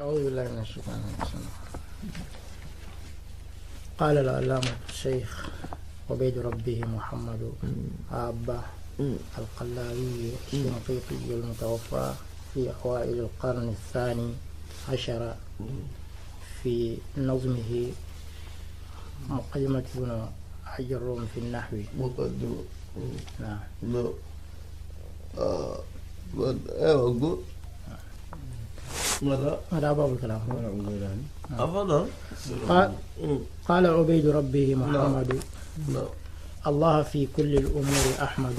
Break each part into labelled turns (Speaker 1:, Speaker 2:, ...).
Speaker 1: أعوذ بالله من الشيطان الرجيم قال العلامة الشيخ عبيد ربه محمد أبا القلاوي الشنقيطي المتوفى في أوائل القرن الثاني عشر في نظمه مقدمة ابن حج الروم في النحو مقدمة نعم ماذا؟ هذا باب الكلام آه. أفضل قال, قال عبيد ربه محمد نعم. نعم. الله في كل الأمور أحمد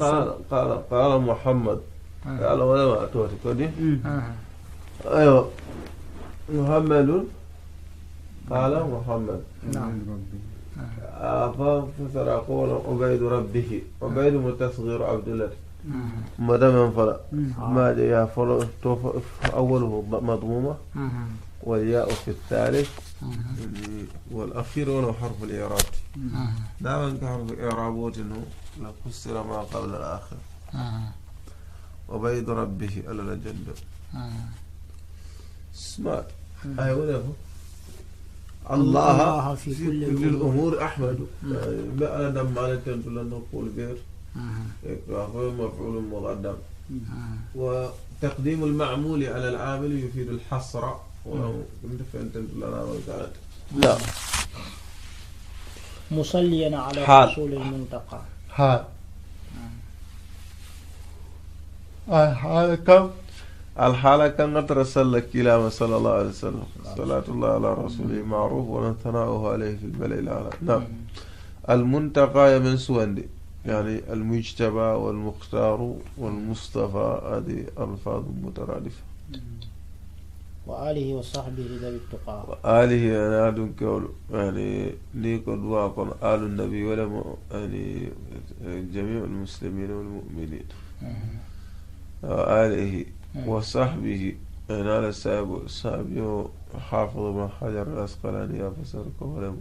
Speaker 2: قال قال قال محمد آه. قال ولا ما أتوتك آه. أيوه محمد قال محمد نعم فسر قول عبيد ربه عبيد متصغير عبد الله ما دام فلا ما يا فلا أوله مضمومة والياء في الثالث والأخير هنا حرف الإعراب دائما حرف الإعراب وجنه لفسر ما قبل الآخر وبيد ربه ألا جل سمعت أي ولا الله في كل الأمور أحمد لا أنا دم نقول غير غير مفعول مقدم آه. وتقديم المعمول على العامل يفيد الحصر ولو كنت لا
Speaker 1: مصليا على حال. حصول المنطقة حال
Speaker 2: الحالة آه. آه، كم الحالة كم نترسل ما صلى الله عليه وسلم صلاة الله على رسوله معروف ونثناؤه عليه في البلاء الأعلى نعم المنتقى من سواندي يعني المجتبى والمختار والمصطفى هذه ألفاظ مترادفة
Speaker 1: وآله وصحبه ذوي التقى
Speaker 2: وآله أنا أدن كول يعني, يعني ليكن واقن آل النبي ولا يعني جميع المسلمين والمؤمنين وآله وصحبه أنا يعني لساب سابيو حافظ ما حجر الأسقلاني أفسر كولم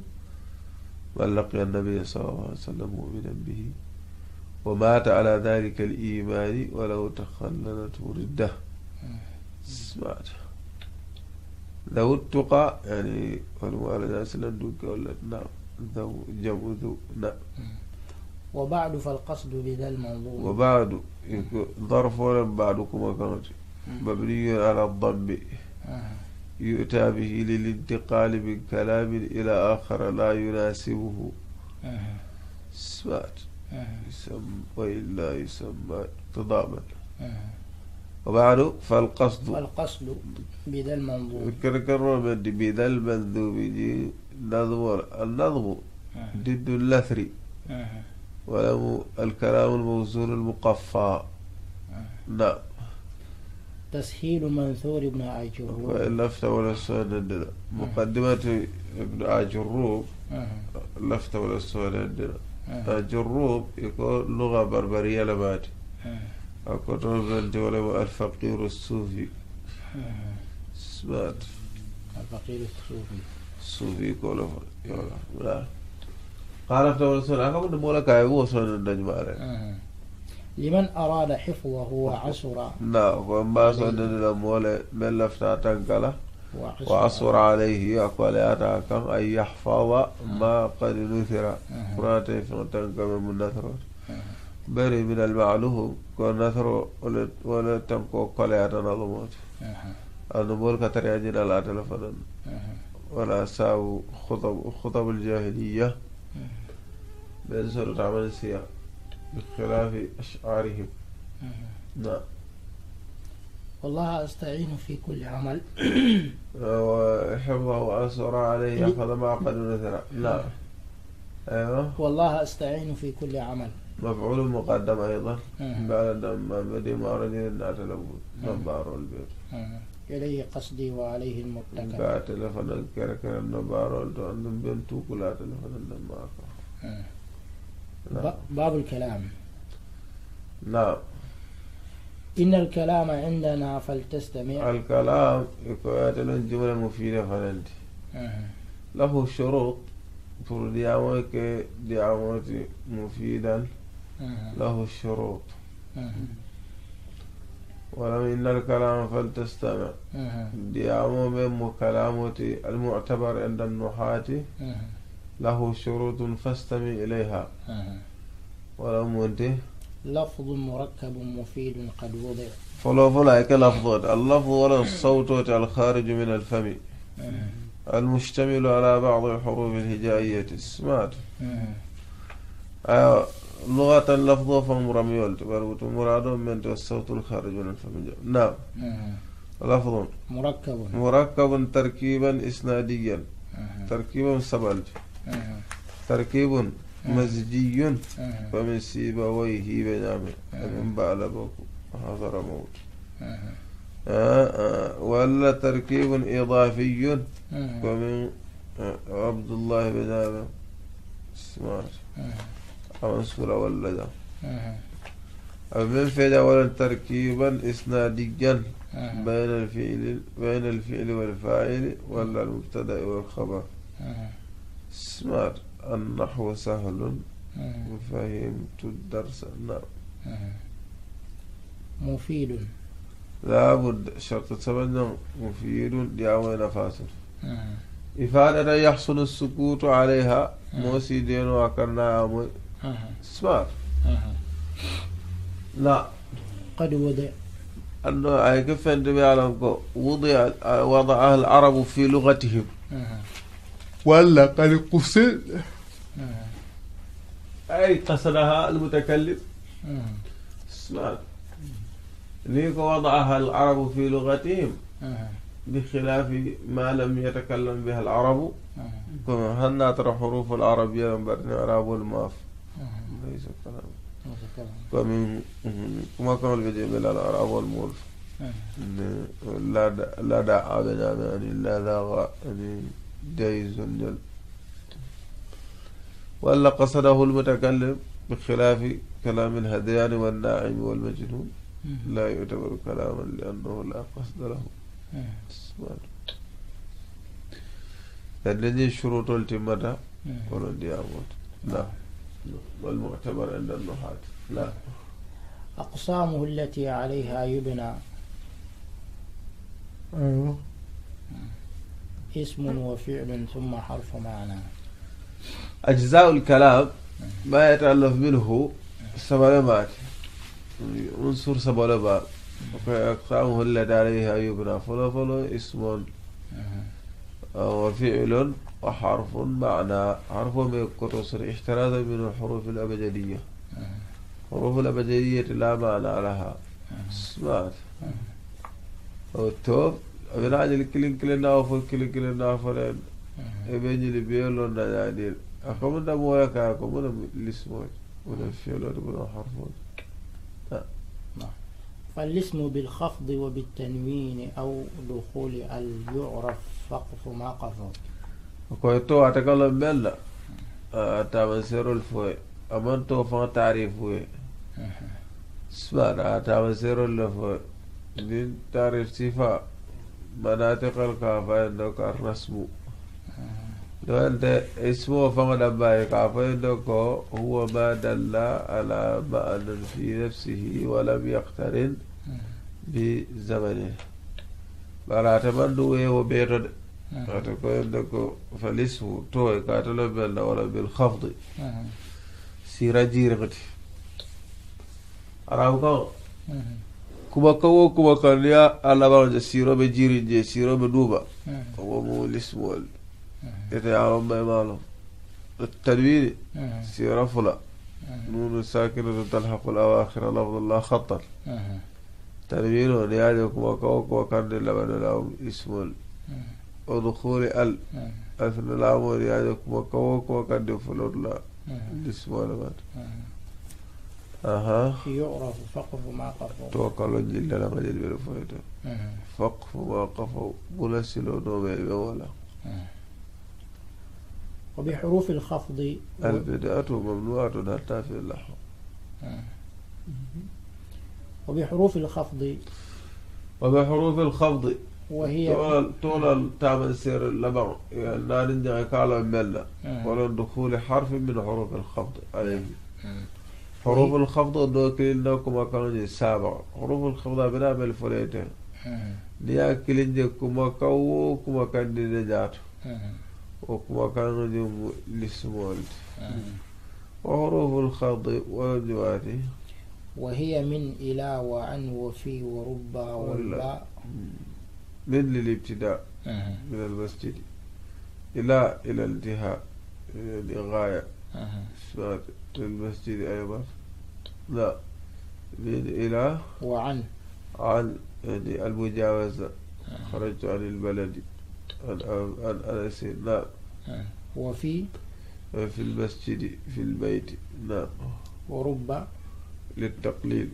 Speaker 2: من لقي النبي صلى الله عليه وسلم مؤمنا به ومات على ذلك الإيمان ولو تخللت ردة سمعت ذو التقى يعني والوالد أسلا دوك ولا نعم ذو جم ذو نعم
Speaker 1: وبعد فالقصد بذا الموضوع
Speaker 2: وبعد ظرف بعدكما كانت مبني على الضم آه. يؤتى به للانتقال من كلام إلى آخر لا يناسبه سمعت آه. آه. يسمى لا يسمى اقتضابا آه. وبعده فالقصد
Speaker 1: فالقصد بذا المنظوم
Speaker 2: كرر بدي بذا المنظوم يجي نظم النظم آه. ضد اللثري وله الكلام الموزون المقفى نعم تسهيل
Speaker 1: منثور ابن عجروب
Speaker 2: لفت ولا سؤال مقدمة ابن عجروب لفت ولا سؤال عندنا جروب يقول لغة بربرية لباتي أكتب الجولة الفقير الصوفي
Speaker 1: سبات الفقير الصوفي
Speaker 2: الصوفي يقول لا قال ابن رسول الله كم مولا كاي وصل النجمة
Speaker 1: لمن أراد حفظه وعسره
Speaker 2: لا وما صدد المولى من لفتاتن كلا وأصر عليه أقول أنا أن يحفظ ما قد نثر قراتي تيفن تنكم من نثر بري من المعلوه كون نثر ولا تنكو قل أنا نظمت أن مول كتر يجينا لا تلفنا ولا ساو خطب خطب الجاهلية بين سورة عمل السياق بخلاف أشعارهم نعم
Speaker 1: والله أستعين في كل عمل
Speaker 2: وحفظه وأسر عليه أخذ ما قد مثلا لا أيوه والله أستعين في كل عمل مفعول مقدم أيضا بعد ما بدي ما أريد أن أتلوث نبار البيت
Speaker 1: إليه قصدي وعليه المتكل بعد
Speaker 2: تلفن أذكرك نبار أن بنتو كلا تلفن معك
Speaker 1: باب الكلام نعم إن الكلام عندنا فلتستمع
Speaker 2: الكلام يكون جملة مفيدة فلنت له شروط pour diamo مفيدا له شروط ولم إن الكلام فلتستمع ديامو من المعتبر عند النحاة له شروط فاستمع إليها ولم أنت
Speaker 1: لفظ مركب مفيد قد وضع
Speaker 2: فلو فلا هيك لفظ اللفظ ولا الصوت الخارج من الفم المشتمل على بعض الحروف الهجائية سمعت آه، لغة لغة لفظ فمرمي والتبرغت مراد من الصوت الخارج من الفم نعم لفظ مركب مركب تركيبا إسناديا تركيبا سبل تركيب مزجي آه. فمن سيبويه بنعمه آه. من بعلبك حضر موت آه. ولا تركيب إضافي ومن عبد الله بن آدم سمار عنصر ولد من فعل أولا تركيبا إسناديا بين الفعل بين الفعل والفاعل ولا المبتدأ والخبر سمار النحو سهل آه. وفهمت الدرس نعم آه. مفيد لا بد شرط تبنى مفيد يا وين آه. إفادة يحصل السكوت عليها موسي دين وكرنا سمار لا قد وضع أنه أي كيف أنت بيعلم وضع وضعها العرب في لغتهم ولا قد قصد نعم. أي قصدها المتكلم نعم. سمعت ليك وضعها العرب في لغتهم نعم. بخلاف ما لم يتكلم بها العرب كما هل نطرح حروف العربية من برن عرب الماف ليس كلام ومن كما كان الفيديو بلا العرب والمورف لا لا دعا بنا يعني لا لا يعني جل ولا قصده المتكلم بخلاف كلام الهذيان والناعم والمجنون لا يعتبر كلاما لأنه لا قصد له لأن شروط التمتع ولن يعود لا والمعتبر عند النحاة لا
Speaker 1: أقسامه التي عليها يبنى أيوه اسم وفعل ثم حرف معنى
Speaker 2: أجزاء الكلام ما يتألف منه سبلمات عنصر سبلمات وكأقسامه التي عليها يبنى فلفل اسم وفعل وحرف معنى حرف من الكتسر احتراز من الحروف الأبجدية حروف الأبجدية لا معنى لها سمعت او التوب من عجل كلين كلين نافر كلين كلين نافرين e ɓe ñini beelon dañaɗin akomo namoya ka ko mona lismoje mona feelode mona harfode
Speaker 1: فالاسم بالخفض وبالتنوين أو دخول ال يعرف فقف ما قفض
Speaker 2: وكويتو أتكلم بلا أتابع الفوي اما تو فان تعريفوي سبحان أتابع سير الفوي من تعريف صفة مناطق الكافة إنك الرسم دوالت اسمه فما لبايك عفيدك هو ما دل على معنى في نفسه ولم يقترن بزمنه بل مراتبا دوه وبيرد عندك فلسه توي قاتل بلا ولا بالخفض سيرا جيرغتي أراوكا كما كو كما كان يا على بعض سيرا بجيرين جي سيرا بدوبا هو مولس مول يتعارض مع ماله التنوين إيه. سي رفلة إيه. نون ساكنة تلحق الأواخر لفظ الله خطا إيه. تنوين ونيادك وكوك وكن لمن العم اسم ودخول ال أثنى العم ونيادك وكوك وكن فلور لا اسم ولمن أها يعرف
Speaker 1: فقف ما قفوا توكل جل لما جل بالفويته
Speaker 2: فقف ما قفوا بلا سلو نومي ولا
Speaker 1: أه. وبحروف الخفض البدعة
Speaker 2: ممنوعة حتى في اللحم
Speaker 1: وبحروف الخفض
Speaker 2: وبحروف الخفض وهي طول طول تعمل سير اللبر يعني لا يعني عندي قال ملا ولا دخول حرف من حروف الخفض عليه حروف الخفض دوكل لكم كانوا سابع حروف الخفض بلا بل فليتين ليا كلين كما كو كما كان نجاتو وكان اليوم لسمولد آه. وحروف الخط والدوات
Speaker 1: وهي من إلى وعن وفي وربا ولا
Speaker 2: من للابتداء آه. من المسجد إلى إلى الانتهاء لغاية سؤال آه. المسجد أيضا لا من إلى وعن عن يعني المجاوزة خرجت عن البلد الأنس نعم وفي في المسجد في البيت نعم ورب للتقليل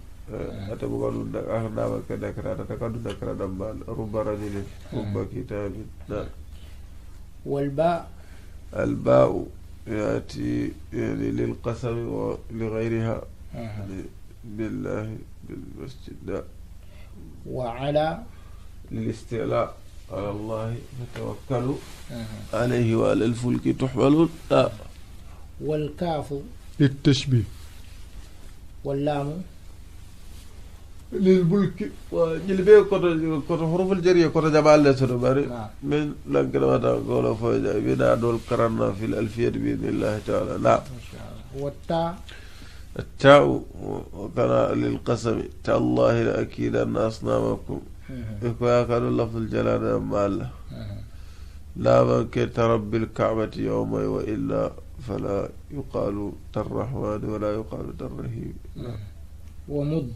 Speaker 2: ata buganu na ahnama kada karata ta kadu na karata mal والباء الباء يأتي يعني للقسم ولغيرها بالله بالمسجد نعم
Speaker 1: وعلى
Speaker 2: للاستعلاء على الله نتوكل عليه وعلى الفلك تحملون آه.
Speaker 1: والكاف
Speaker 2: للتشبيه واللام للملك وجلبي كره حروف الجريه كره جبال لسر باري نعم. من لك ما تقول فوجا بنا دول كرنا في الالفيه باذن الله تعالى نعم والتاء التاء وكان للقسم تالله لاكيدن اصنامكم يكون قالوا لفظ الجلالة مال لا من كترب الكعبة يوم وإلا فلا يقال الرحمن ولا يقال الرحيم ومض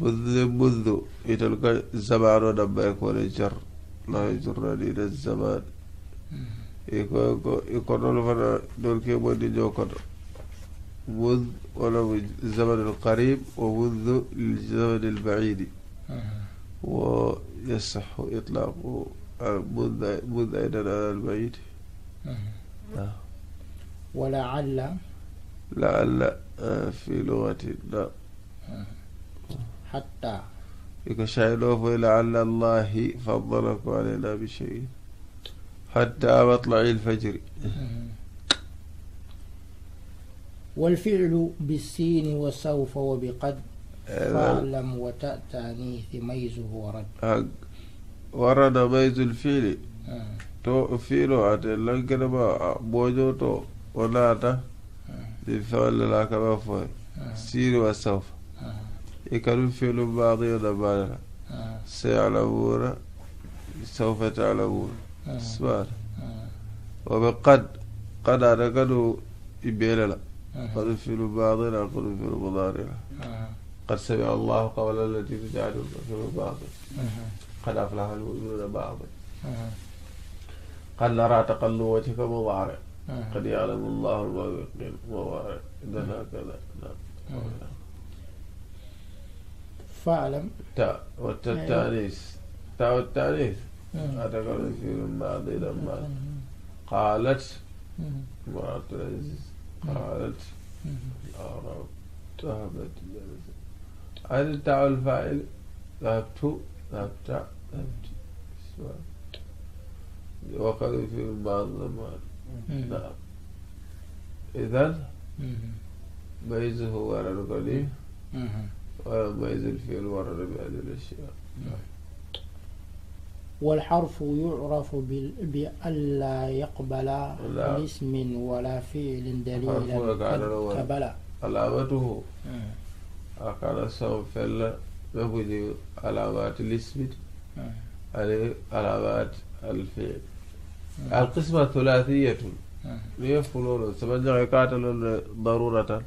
Speaker 2: مذ مذ يتلقى الزمان ونبا يكون الجر لا يجرني إلى الزمان يكون لفنا دول كي مودي جوكنا مذ ولو الزمن القريب ومذ للزمن البعيد ويصح إطلاق منذ على البيت
Speaker 3: نعم.
Speaker 1: ولعل
Speaker 2: لعل في لغة لا حتى يكشعلوف لعل الله فضلك علينا بشيء حتى مطلع الفجر
Speaker 1: والفعل بالسين وسوف وبقد فاعلم وتأتاني ميزه
Speaker 2: ورد ورد ميز الفيل آه. تو فيلو أتي لنكر ما بوجو تو وناتا دي فعل لك ما فوي سير وسوف يكرم آه. فيل باقي ونبالا آه. سيعلمون سوف تعلمون سوار وبقد قد أنا كدو إبيلا قد فيل باقي قد فيل مضاري قد سمع الله قول التي تجعل في الباطل قد أفلح المؤمنون بعضا قد نرى تقل وجهك مضارع قد يعلم الله الموقن مضارع إذا هكذا
Speaker 3: نعم
Speaker 1: فاعلم
Speaker 2: تاء والتانيث تاء والتانيث هذا قول في بعض لما قالت امرأة العزيز قالت الأعراب تهبت هل تدع الفاعل ذهبت ذهبت ذهبت وقد في بعض الأموال نعم إذا ميز هو ورا القليل وميز الفعل ورا بهذه الأشياء
Speaker 1: والحرف يعرف بألا يقبل لا. اسم ولا فعل دليلا قد قبل
Speaker 2: علامته akala saw fella ɓe ɓuji alawat lisbit عليه علامات الفعل نعم. القسمة ثلاثية نعم. ليفعلون سبجع قاتل ضرورة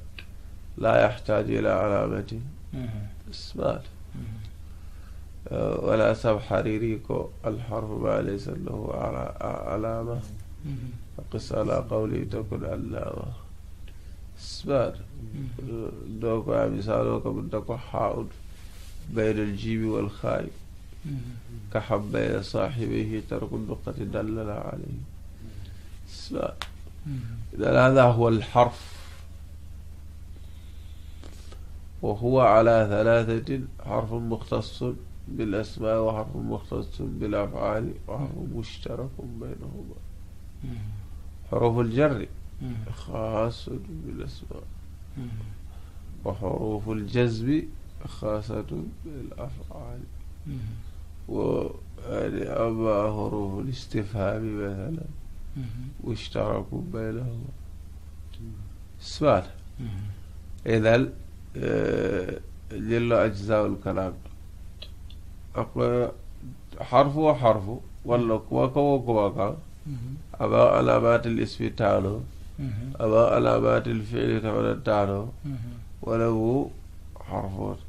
Speaker 2: لا يحتاج إلى علامة نعم. إثبات ولا سب حريريكو الحرف ما ليس له علامة قس على قولي تكن علامة سبار دوكو سالوكو كبدكو حاؤد بين الجيب والخاء كحب بين صاحبه ترك النقطة دلل عليه سبار إذا هذا هو الحرف وهو على ثلاثة حرف مختص بالأسماء وحرف مختص بالأفعال وحرف مشترك بينهما حروف الجر خاصة بالأسماء وحروف الجزم خاصة بالأفعال ويعني أربع حروف الاستفهام مثلا واشتركوا بينهما سؤال إذا آه، جل أجزاء الكلام حرف وحرف واللقوة وقوة أما علامات الاسم تعالوا أما علامات الفعل تمنى تعلو ولو حرف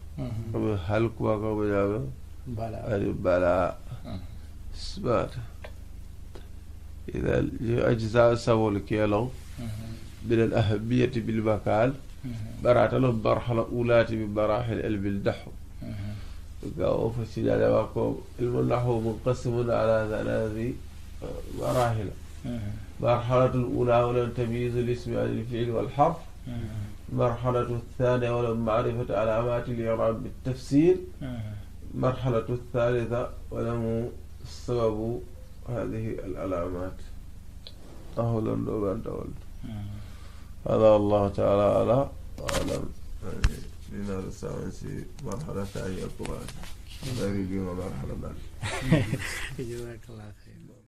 Speaker 2: هل كوا كوا بجاوة
Speaker 1: بلا
Speaker 2: بلا سبات إذا أجزاء سوول كيلو من الأهمية بالمكان برعت له مرحلة أولى بمراحل قلب الدحو قالوا فسينا لما المنحو منقسم على ثلاث مراحل مرحلة الأولى ولا تمييز الاسم عن الفعل والحرف مرحلة الثانية ولم معرفة علامات الإعراب بالتفسير مرحلة الثالثة ولم سبب هذه العلامات أهلا وبعد هذا الله تعالى على أعلم لنا رسالة مرحلة ثانية القرآن هذا يجينا مرحلة بعد
Speaker 1: جزاك الله خير